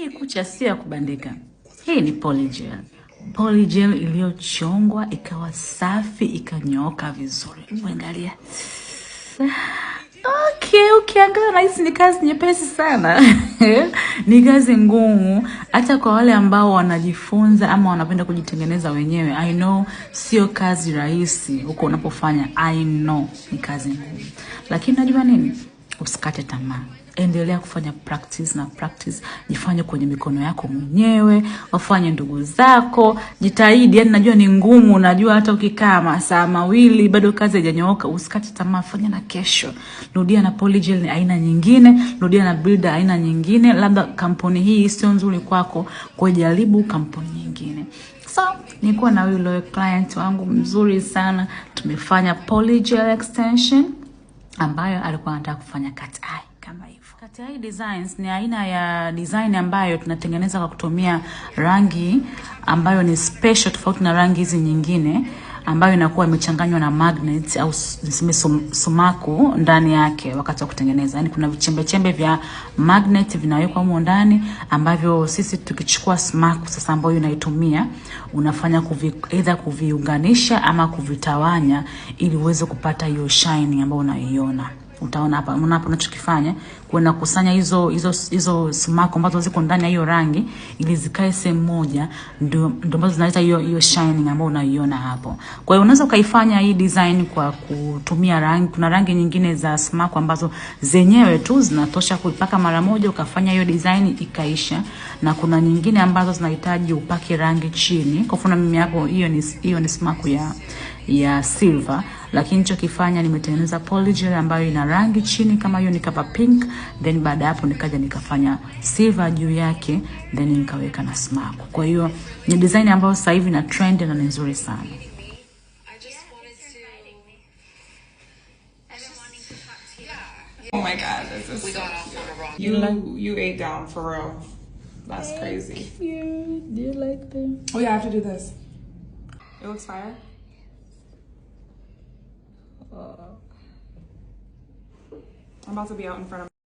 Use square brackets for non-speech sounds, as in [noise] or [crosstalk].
Hii kucha si ya kubandika, hii ni polygel. Polygel iliyochongwa ikawa safi ikanyooka vizuri. Angalia. Okay, ukiangalia okay, nahisi ni kazi nyepesi sana [laughs] ni kazi ngumu hata kwa wale ambao wanajifunza ama wanapenda kujitengeneza wenyewe. I know sio kazi rahisi huko unapofanya. I know ni kazi ngumu, lakini najua nini, usikate tamaa endelea kufanya practice na practice, jifanye kwenye mikono yako mwenyewe, wafanye ndugu zako, jitahidi. Yani najua ni ngumu, najua hata ukikaa masaa mawili bado kazi haijanyooka, usikate tamaa, fanya na kesho. Rudia na polygel ni aina nyingine, rudia na builder aina nyingine, labda kampuni hii sio nzuri kwako, kwa jaribu kampuni nyingine. So, nilikuwa na loyal client wangu mzuri sana, tumefanya polygel extension ambayo alikuwa anataka kufanya cut kama hivyo. Kati ya designs ni aina ya design ambayo tunatengeneza kwa kutumia rangi ambayo ni special tofauti na rangi hizi nyingine ambayo inakuwa imechanganywa na magnet au niseme sumaku ndani yake wakati wa kutengeneza. Yani kuna vichembe chembe vya magnet vinawekwa humo ndani, ambavyo sisi tukichukua sumaku sasa ambayo unaitumia unafanya kuvi, either kuviunganisha ama kuvitawanya ili uweze kupata hiyo shine ambayo unaiona. Utaona hapa unachokifanya wanakusanya hizo hizo hizo sumaku ambazo ziko ndani ya hiyo rangi ili zikae sehemu moja, ndio ndio ambazo zinaleta hiyo hiyo shining ambayo unaiona hapo. Kwa hiyo unaweza ukaifanya hii design kwa kutumia rangi. Kuna rangi nyingine za sumaku ambazo zenyewe tu zinatosha kuipaka mara moja ukafanya hiyo design ikaisha, na kuna nyingine ambazo zinahitaji upake rangi chini. Kwa mfano mimi hapo, hiyo ni hiyo ni sumaku ya ya silver, lakini nilichokifanya nimetengeneza polygel ambayo ina rangi chini kama hiyo ni kapa pink, then baada hapo nikaja nikafanya silver juu yake then nikaweka na smack. Kwa hiyo ni design ambayo sasa hivi na trend na nzuri sana. Oh my god, this is so cute. You you ate down for real. That's Thank crazy. You. Do you like them? Oh yeah, I have to do this. It looks fire. Uh, I'm about to be out in front of